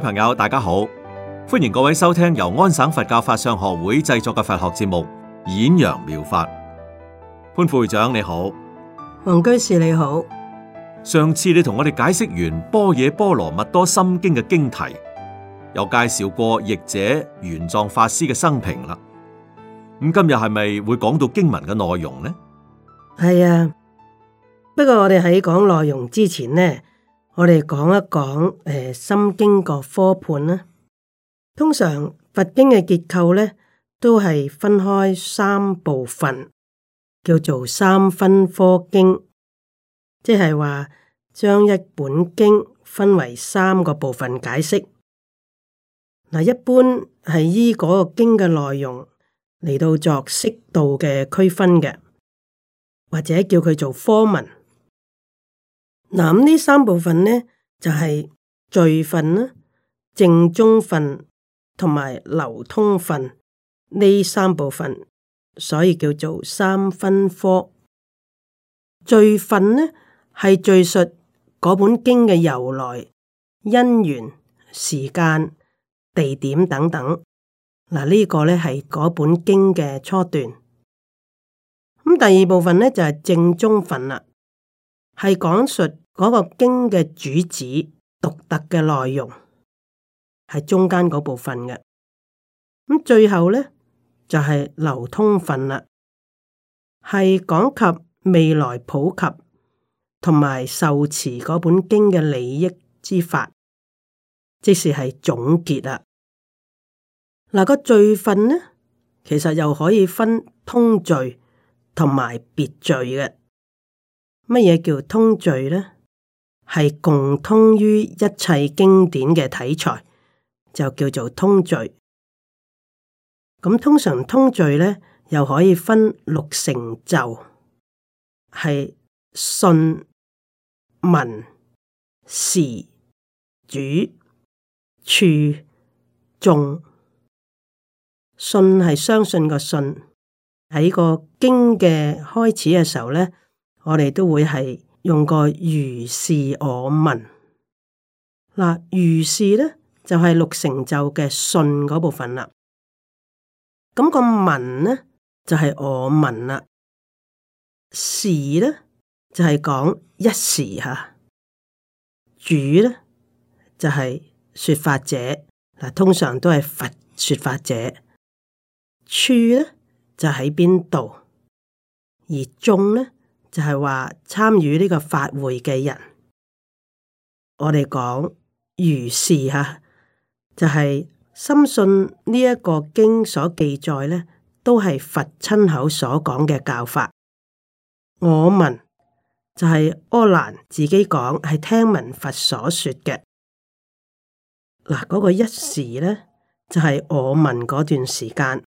朋友，大家好，歡迎各位收聽由安省佛教法相學會製作嘅佛學節目《演揚妙，妙法》。潘副會長你好，黃居士你好。上次你同我哋解釋完《般若波羅蜜多心經》嘅經題，又介紹過譯者玄奘法師嘅生平啦。咁今日係咪會講到經文嘅內容呢？係啊，不過我哋喺講內容之前呢。我哋講一講誒、呃《心經》個科判啦。通常佛經嘅結構咧，都係分開三部分，叫做三分科經，即係話將一本經分為三個部分解釋。嗱，一般係依嗰個經嘅內容嚟到作適度嘅區分嘅，或者叫佢做科文。嗱，咁呢三部分呢，就係、是、序分啦、正宗分同埋流通分呢三部分，所以叫做三分科。序分呢，係敘述嗰本經嘅由來、因緣、時間、地點等等。嗱、這、呢個呢，係嗰本經嘅初段。咁第二部分呢，就係、是、正宗分啦。係講述嗰個經嘅主旨、獨特嘅內容，係中間嗰部分嘅。咁最後咧就係、是、流通份啦，係講及未來普及同埋受持嗰本經嘅利益之法，即是係總結啦。嗱、那個罪分咧，其實又可以分通罪同埋別罪嘅。乜嘢叫通序咧？係共通於一切經典嘅題材，就叫做通序。咁通常通序咧，又可以分六成就，係信、聞、時、主、處、眾。信係相信個信，喺個經嘅開始嘅時候咧。我哋都會係用個如是我聞，嗱如是咧就係、是、六成就嘅信嗰部分啦。咁個聞呢就係、是、我聞啦，呢就是呢就係講一時吓，主呢就係、是、說法者嗱，通常都係佛說法者。處呢就喺邊度，而眾呢？就係話參與呢個法會嘅人，我哋講如是吓，就係、是、深信呢一個經所記載呢都係佛親口所講嘅教法。我聞，就係、是、阿難自己講係聽聞佛所說嘅嗱，嗰、那個一時呢，就係、是、我聞嗰段時間。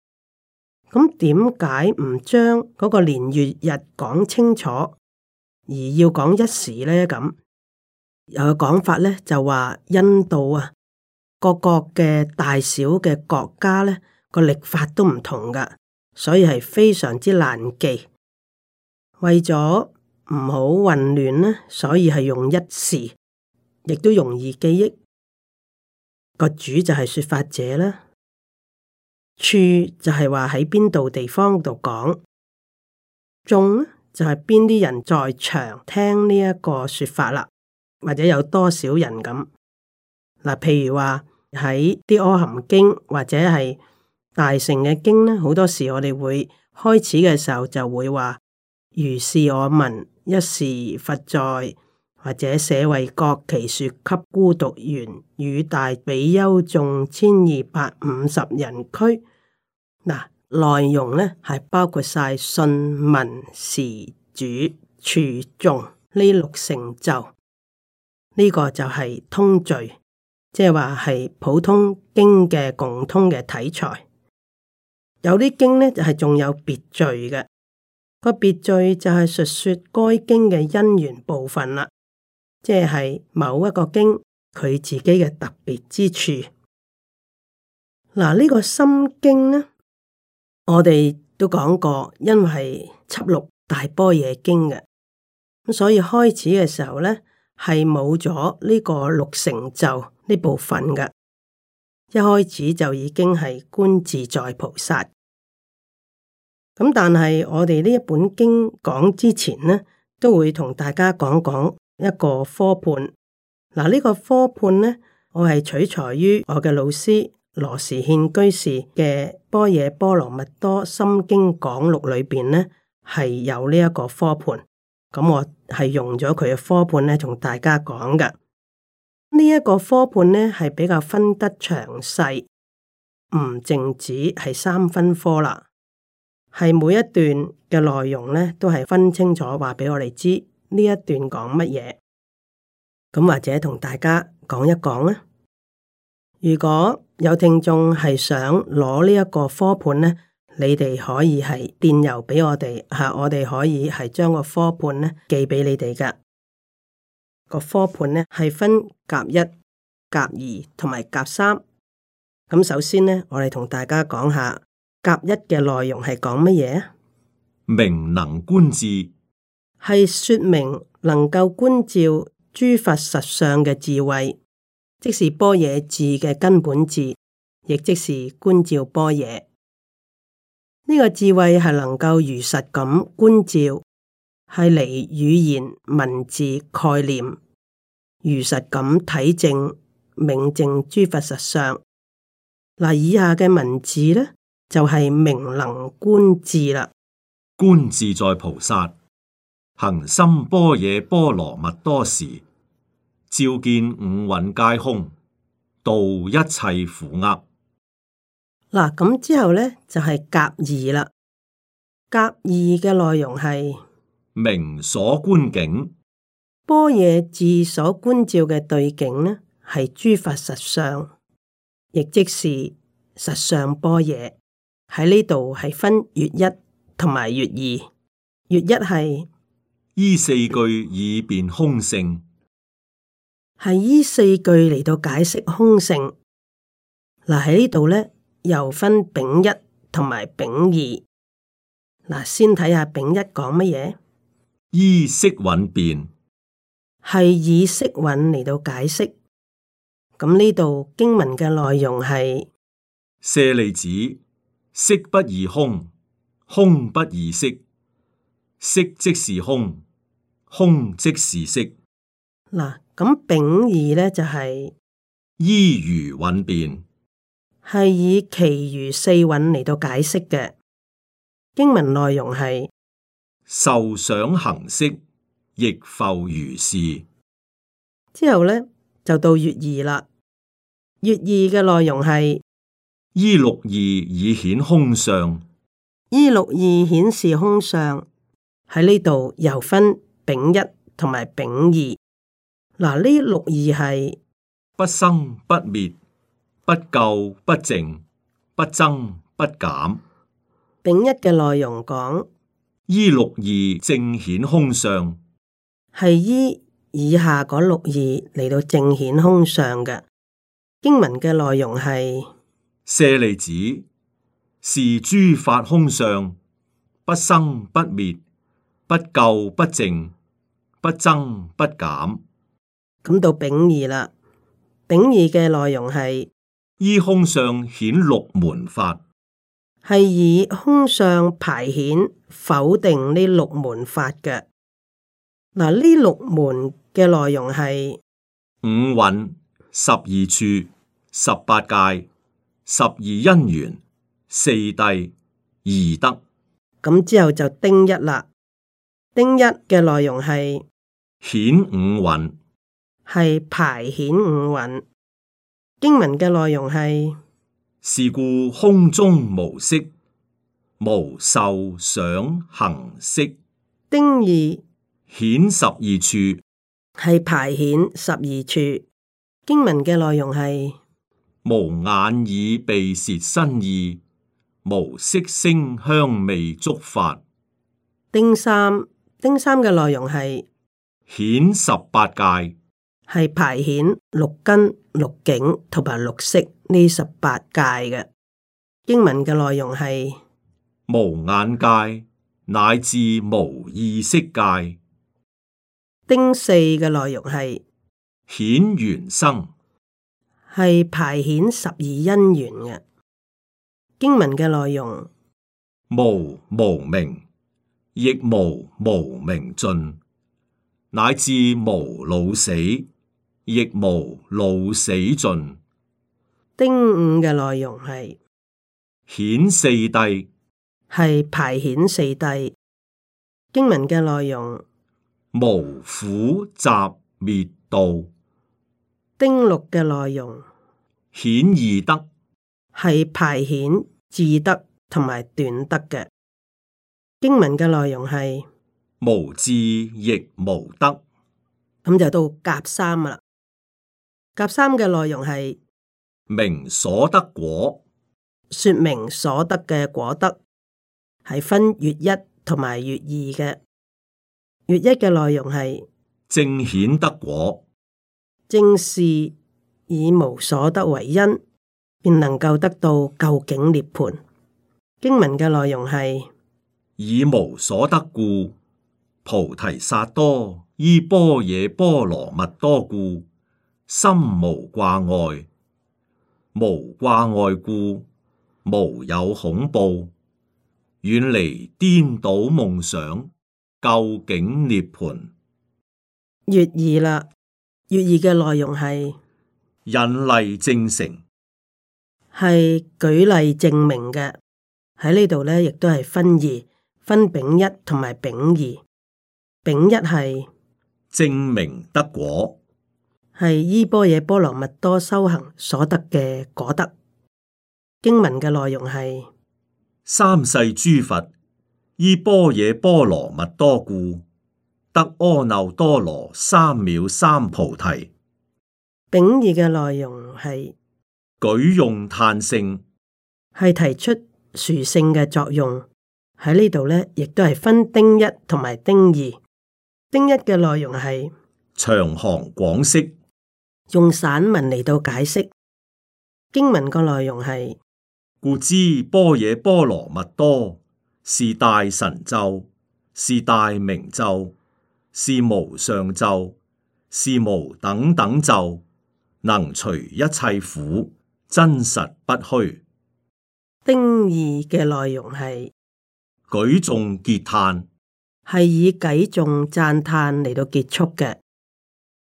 咁點解唔將嗰個年月日講清楚，而要講一時咧？咁有個講法咧，就話印度啊，各國嘅大小嘅國家咧，個曆法都唔同噶，所以係非常之難記。為咗唔好混亂咧，所以係用一時，亦都容易記憶。個主就係說法者啦。處就係話喺邊度地方度講，眾就係邊啲人在場聽呢一個說法啦，或者有多少人咁嗱、啊，譬如話喺啲阿含經或者係大乘嘅經咧，好多時我哋會開始嘅時候就會話如是我聞，一時佛在。或者寫為各祇樹給孤獨園與大比丘眾千二百五十人俱嗱、啊，內容咧係包括晒信、聞、時、主、處、眾呢六成就。呢、這個就係通序，即係話係普通經嘅共通嘅題材。有啲經咧就係、是、仲有別序嘅，個別序就係述說該經嘅因緣部分啦。即係某一個經佢自己嘅特別之處。嗱，呢個心經呢，我哋都講過，因為係七六大般若經嘅，咁所以開始嘅時候呢，係冇咗呢個六成就呢部分嘅，一開始就已經係觀自在菩薩。咁但係我哋呢一本經講之前呢，都會同大家講講。一個科判嗱，呢、這個科判呢，我係取材於我嘅老師羅時憲居士嘅《般若波羅蜜多心經講錄》裏邊呢，係有呢一個科判，咁、嗯、我係用咗佢嘅科判呢，同大家講嘅呢一個科判呢，係比較分得詳細，唔淨止係三分科啦，係每一段嘅內容呢，都係分清楚話畀我哋知。呢一段講乜嘢？咁或者同大家講一講啊！如果有聽眾係想攞呢一個科判呢，你哋可以係電郵俾我哋，吓我哋可以係將個科判呢寄俾你哋噶。個科判呢係分甲一、甲二同埋甲三。咁首先呢，我哋同大家講下甲一嘅內容係講乜嘢啊？明能觀智。係說明能夠觀照諸法實相嘅智慧，即是般若智嘅根本智，亦即是觀照般若。呢、這個智慧係能夠如實咁觀照，係離語言文字概念，如實咁體證明證諸法實相。嗱，以下嘅文字咧就係、是、明能觀智啦，觀自在菩薩。行深般若波羅蜜多時，照見五蘊皆空，度一切苦厄。嗱，咁之後咧就係、是、甲二啦。甲二嘅內容係明所觀景，般若字所觀照嘅對境呢，係諸法實相，亦即是實相般若。喺呢度係分月一同埋月二，月一係。依四句以辨空性，係依四句嚟到解釋空性。嗱，喺呢度咧，又分丙一同埋丙二。嗱，先睇下丙一講乜嘢。依色蘊辨，係以色蘊嚟到解釋。咁呢度經文嘅內容係舍利子，色不異空，空不異色，色即是空。空即是色。嗱，咁丙二呢，就係、是、依如蘊辨，係以其餘四蘊嚟到解釋嘅。經文內容係受想行識亦復如是。之後呢，就到乙二啦。乙二嘅內容係依六二以顯空相，依六二顯示空相，喺呢度又分，丙一同埋丙二，嗱呢六二係不生不滅、不垢不淨、不增不減。丙一嘅內容講依六二正顯空相，係依以下嗰六二嚟到正顯空相嘅經文嘅內容係舍利子是諸法空相，不生不滅、不垢不淨。不增不減，咁到丙二啦。丙二嘅內容係依空上顯六門法，係以空上排遣否定呢六門法嘅。嗱、啊，呢六門嘅內容係五蘊、十二處、十八界、十二因緣、四諦二得」。咁之後就丁一啦。丁一嘅內容係。遣五蘊，係排遣五蘊，經文嘅內容係是故空中無色無受想行識。丁二遣十二處，係排遣十二處，經文嘅內容係無眼耳鼻舌身意，無色聲香味觸法。丁三，丁三嘅內容係顯十八界係排遣六根、六境同埋六識。呢十八界嘅經文嘅內容係無眼界乃至無意識界。丁四嘅內容係顯緣生，係排遣十二因緣嘅經文嘅內容無無明，亦無無明盡。乃至無老死，亦無老死盡。丁五嘅內容係顯四諦，係排顯四諦經；經文嘅內容，無苦集滅道。丁六嘅內容顯二德，係排顯自德同埋斷德嘅經文嘅內容係。無智亦無得，咁、嗯、就到甲三啦。甲三嘅內容係明所得果，說明所得嘅果德係分月一同埋月二嘅。月一嘅內容係正顯得果，正是以無所得為因，便能夠得到究竟涅盤。經文嘅內容係以無所得故。菩提薩埵依般若波羅蜜多故，心無掛礙，無掛礙故，無有恐怖，遠離顛倒夢想，究竟涅槃。乙二啦，乙二嘅內容係引例證成，係舉例證明嘅喺呢度咧，亦都係分二分丙一同埋丙二。丙一係證明得果，係依般若波羅蜜多修行所得嘅果德。經文嘅內容係三世諸佛依般若波羅蜜多故得阿耨多羅三藐三菩提。丙二嘅內容係舉用嘆性，係提出殊勝嘅作用喺呢度咧，亦都係分丁一同埋丁二。丁一嘅內容係長行廣釋，用散文嚟到解釋。經文嘅內容係，故知般若波羅蜜多是大神咒，是大明咒，是無上咒，是無等等咒，能除一切苦，真實不虛。丁二嘅內容係舉重結嘆。係以偈頌讚歎嚟到結束嘅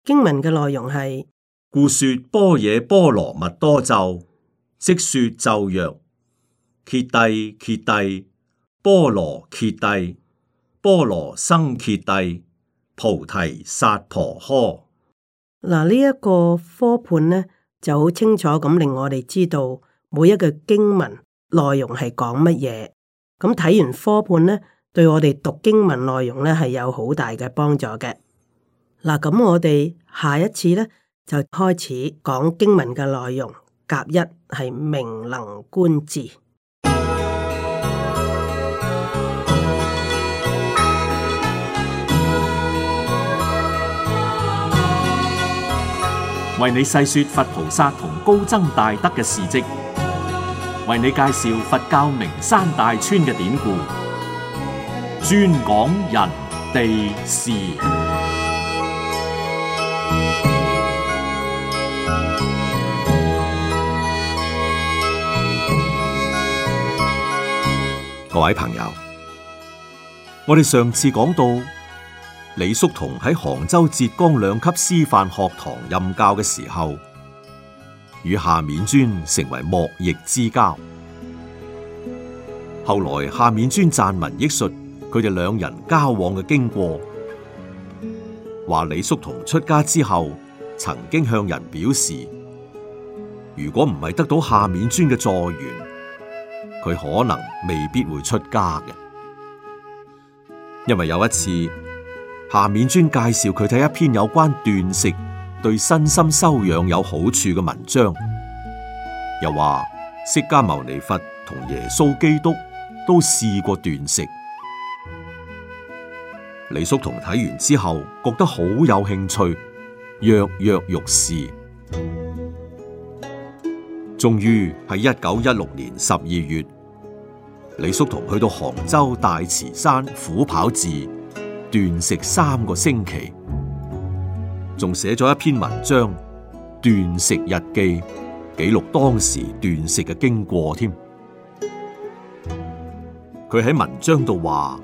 經文嘅內容係，故說般若波羅蜜多咒，即說咒曰：揭諦揭諦，波羅揭諦，波羅僧揭諦，菩提薩婆訶。嗱，呢、這、一個科判呢就好清楚咁令我哋知道每一個經文內容係講乜嘢。咁睇完科判呢？對我哋讀經文內容咧，係有好大嘅幫助嘅。嗱，咁我哋下一次咧就開始講經文嘅內容。甲一係明能觀字。為你細說佛菩薩同高僧大德嘅事跡，為你介紹佛教名山大川嘅典故。專講人哋事。各位朋友，我哋上次講到李叔同喺杭州浙江兩級師範學堂任教嘅時候，與夏丏尊成為莫逆之交。後來夏丏尊撰文益述。佢哋兩人交往嘅經過，話李叔同出家之後，曾經向人表示，如果唔係得到夏丏尊嘅助緣，佢可能未必會出家嘅。因為有一次，夏丏尊介紹佢睇一篇有關斷食對身心修養有好處嘅文章，又話釋迦牟尼佛同耶穌基督都試過斷食。李叔同睇完之後，覺得好有興趣，躍躍欲試。終於喺一九一六年十二月，李叔同去到杭州大慈山虎跑寺斷食三個星期，仲寫咗一篇文章《斷食日記》，記錄當時斷食嘅經過添。佢喺文章度話。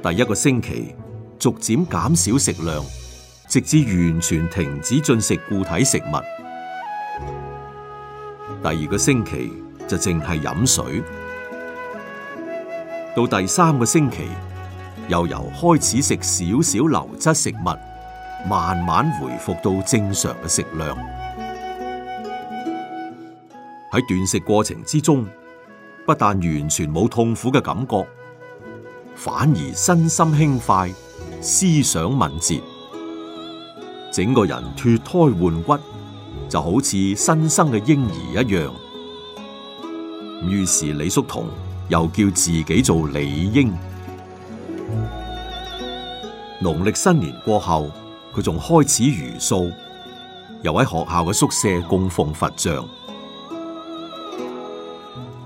第一個星期逐漸減少食量，直至完全停止進食固體食物。第二個星期就淨係飲水，到第三個星期又由開始食少少流質食物，慢慢回復到正常嘅食量。喺斷食過程之中，不但完全冇痛苦嘅感覺。反而身心輕快，思想敏捷，整個人脫胎換骨，就好似新生嘅嬰兒一樣。於是李叔同又叫自己做李嬰。農曆新年過後，佢仲開始茹素，又喺學校嘅宿舍供奉佛像。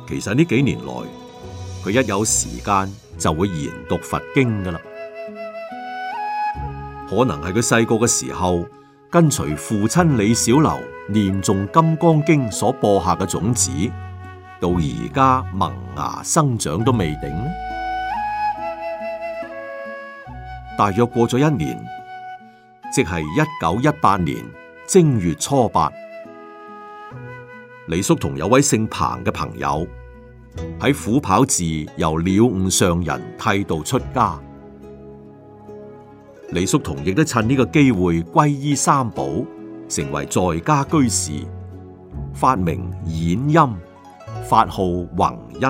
其實呢幾年來，佢一有時間。就會研讀佛經㗎喇，可能係佢細個嘅時候跟隨父親李小樓念誦《金剛經》所播下嘅種子，到而家萌芽生長都未定。大約過咗一年，即係一九一八年正月初八，李叔同有位姓彭嘅朋友，喺虎跑寺由了悟上人剃度出家，李叔同亦都趁呢個機會皈依三寶，成為在家居士，法名演音，法號弘一。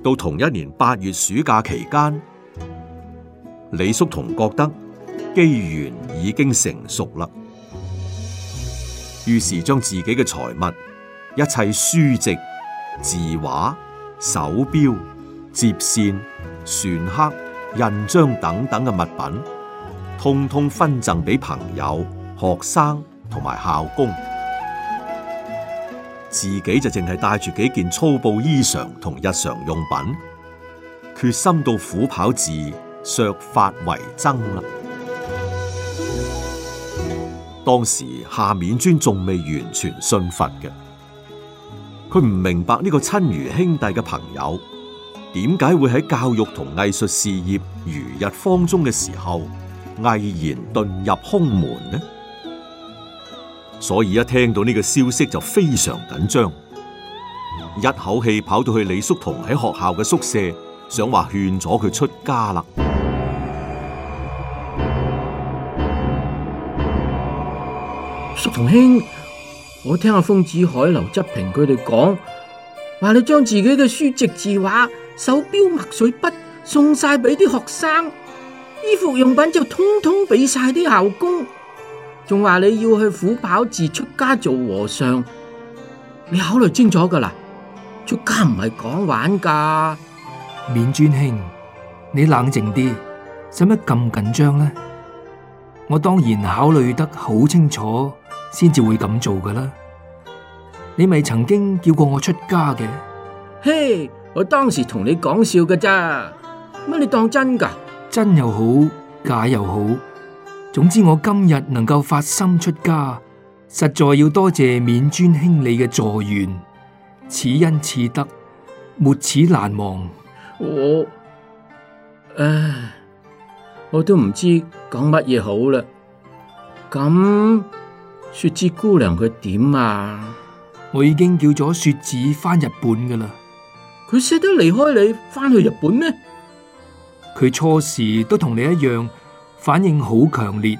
到同一年八月暑假期間，李叔同覺得機緣已經成熟啦，於是將自己嘅財物。一切書籍、字畫、手表、折扇、篆刻、印章等等嘅物品，通通分贈俾朋友、學生同埋校工，自己就淨係帶住幾件粗布衣裳同日常用品，決心到虎跑寺削髮為僧啦。當時夏丏尊仲未完全信佛嘅。佢唔明白呢個親如兄弟嘅朋友，點解會喺教育同藝術事業如日方中嘅時候，毅然遁入空門呢？所以一聽到呢個消息就非常緊張，一口氣跑到去李叔同喺學校嘅宿舍，想話勸咗佢出家啦。叔同兄。我聽阿豐子愷、劉質平佢哋講，話你將自己嘅書籍、字畫、手錶、墨水筆送晒俾啲學生，衣服用品就通通俾晒啲校工，仲話你要去虎跑寺出家做和尚，你考慮清楚噶啦，出家唔係講玩噶。丏尊兄，你冷靜啲，使乜咁緊張呢？我當然考慮得好清楚，先至會咁做噶啦！你咪曾經叫過我出家嘅？嘿，hey, 我當時同你講笑噶咋？乜你當真噶？真又好，假又好，總之我今日能夠發心出家，實在要多謝丏尊兄你嘅助緣，此恩此德，沒齒難忘。我唉，我都唔知講乜嘢好啦，咁。雪子姑娘佢點啊？我已經叫咗雪子返日本噶啦。佢捨得離開你返去日本咩？佢初時都同你一樣，反應好強烈。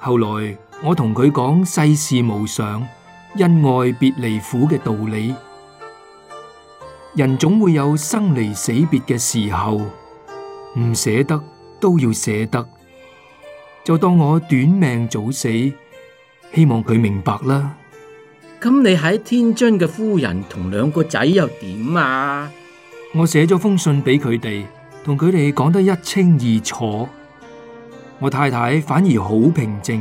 後來我同佢講世事無常、恩愛別離苦嘅道理。人總會有生離死別嘅時候，唔捨得都要捨得。就當我短命早死。希望佢明白啦。咁你喺天津嘅夫人同兩個仔又點啊？我寫咗封信俾佢哋，同佢哋講得一清二楚。我太太反而好平靜，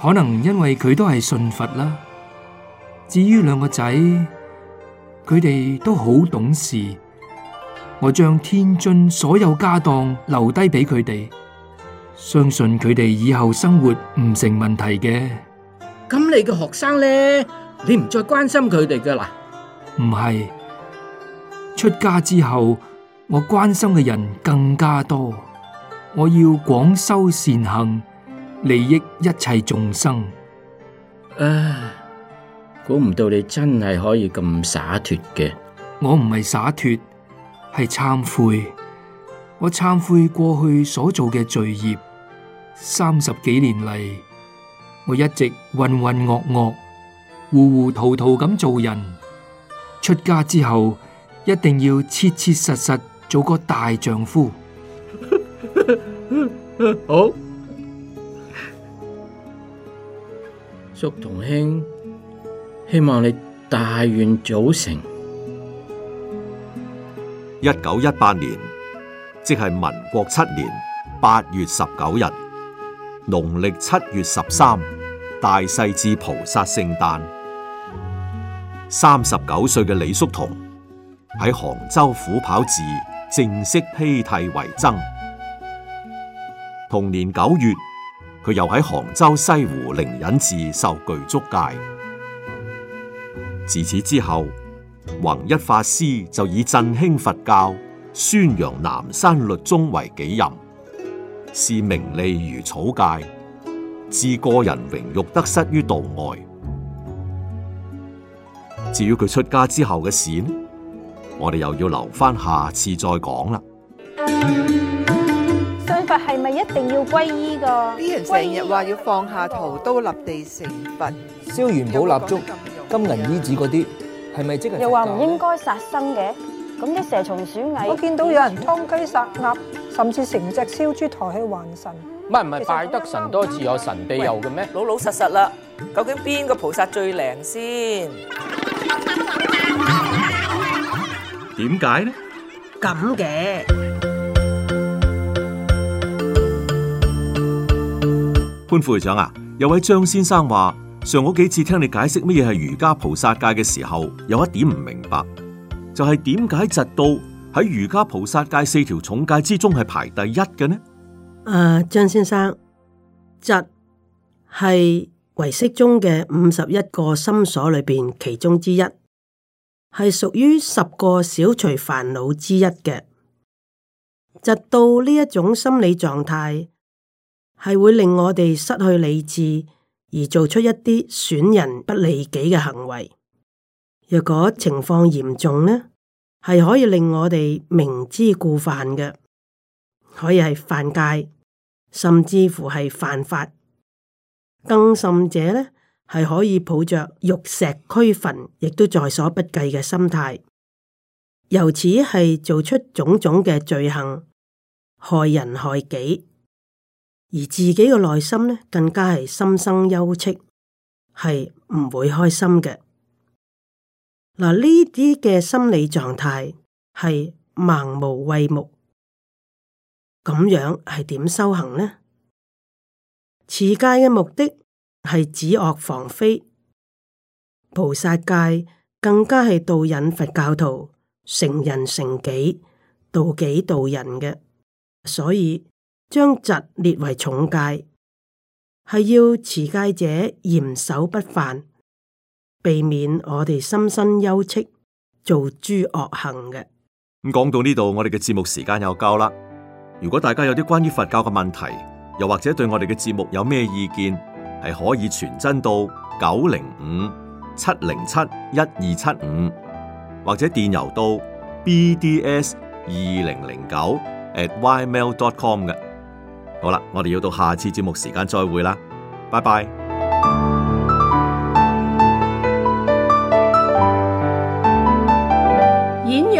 可能因為佢都係信佛啦。至於兩個仔，佢哋都好懂事。我將天津所有家當留低俾佢哋。相信佢哋以後生活唔成問題嘅。咁你嘅學生咧，你唔再關心佢哋噶啦？唔係，出家之後我關心嘅人更加多。我要廣修善行，利益一切眾生。唉，估唔到你真係可以咁灑脫嘅。我唔係灑脫，係懺悔。我懺悔過去所做嘅罪業，三十幾年嚟，我一直渾渾噩噩、糊糊塗塗咁做人。出家之後一定要切切實實做個大丈夫。好，叔同兄，希望你大願早成。一九一八年。即係民國七年八月十九日，農曆七月十三，大勢至菩薩聖誕。三十九歲嘅李叔同喺杭州虎跑寺正式披剃為僧。同年九月，佢又喺杭州西湖靈隱寺受具足戒。自此之後，弘一法師就以振興佛教，宣揚南山律宗為己任，視名利如草芥，置個人榮辱得失於度外。至於佢出家之後嘅事，我哋又要留返下，下次再講啦。信佛係咪一定要皈依噶？呢啲人成日話要放下屠刀立地成佛，燒元寶、蠟燭、金銀衣紙嗰啲，係咪即係？又話唔應該殺生嘅？咁啲蛇蟲鼠蟻，我見到有人劏雞殺鴨，甚至成隻燒豬抬起還神。唔係唔係，實拜得神多次有神庇佑嘅咩？老老實實啦，究竟邊個菩薩最靈先？點解呢？咁嘅潘副會長啊，有位張先生話，上好幾次聽你解釋乜嘢係瑜伽菩薩戒嘅時候，有一點唔明白。就係點解嫉妒喺瑜伽菩薩戒四條重戒之中係排第一嘅呢？啊、呃，張先生，嫉係唯識宗嘅五十一個心所裏邊其中之一，係屬於十個小除煩惱之一嘅。嫉妒呢一種心理狀態，係會令我哋失去理智，而做出一啲損人不利己嘅行為。若果情況嚴重呢，係可以令我哋明知故犯嘅，可以係犯戒，甚至乎係犯法，更甚者呢，係可以抱着玉石俱焚，亦都在所不計嘅心態，由此係做出種種嘅罪行，害人害己，而自己嘅內心呢，更加係心生憂戚，係唔會開心嘅。嗱，呢啲嘅心理狀態係盲無畏目，咁樣係點修行呢？持戒嘅目的係止惡防非，菩薩戒更加係導引佛教徒，成人成己，度己度人嘅。所以將嫉列為重戒，係要持戒者嚴守不犯。避免我哋心身憂戚做諸惡行嘅。咁講到呢度，我哋嘅節目時間又夠啦。如果大家有啲關於佛教嘅問題，又或者對我哋嘅節目有咩意見，係可以傳真到九零五七零七一二七五，75, 或者電郵到 bds 二零零九 @ymail.com 嘅。好啦，我哋要到下次節目時間再會啦，拜拜。